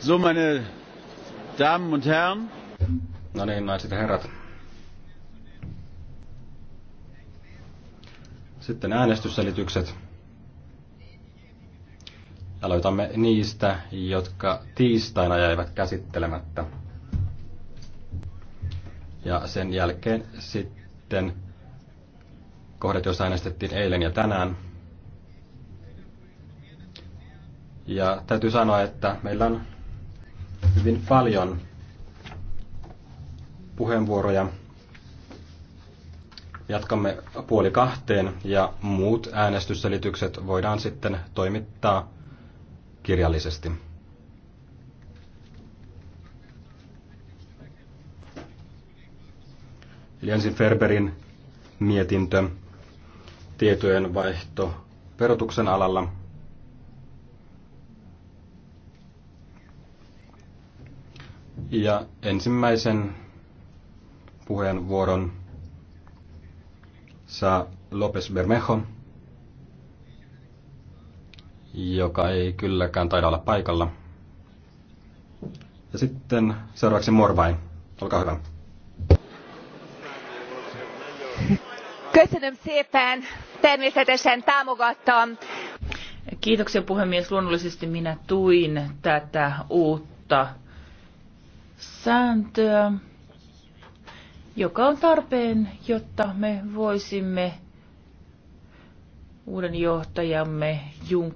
So, meine Damen und Herren. No niin, naiset ja herrat. Sitten äänestysselitykset. Aloitamme niistä, jotka tiistaina jäivät käsittelemättä. Ja sen jälkeen sitten kohdat, joissa äänestettiin eilen ja tänään. Ja täytyy sanoa, että meillä on hyvin paljon puheenvuoroja. Jatkamme puoli kahteen ja muut äänestysselitykset voidaan sitten toimittaa kirjallisesti. Eli ensin Ferberin mietintö, tietojen vaihto verotuksen alalla Ja ensimmäisen puheenvuoron saa López Bermejo, joka ei kylläkään taida olla paikalla. Ja sitten seuraavaksi Morvain. Olkaa hyvä. Köszönöm szépen! Természetesen támogattam. Kiitoksia puhemies. Luonnollisesti minä tuin tätä uutta sääntöä, joka on tarpeen, jotta me voisimme uuden johtajamme Juncker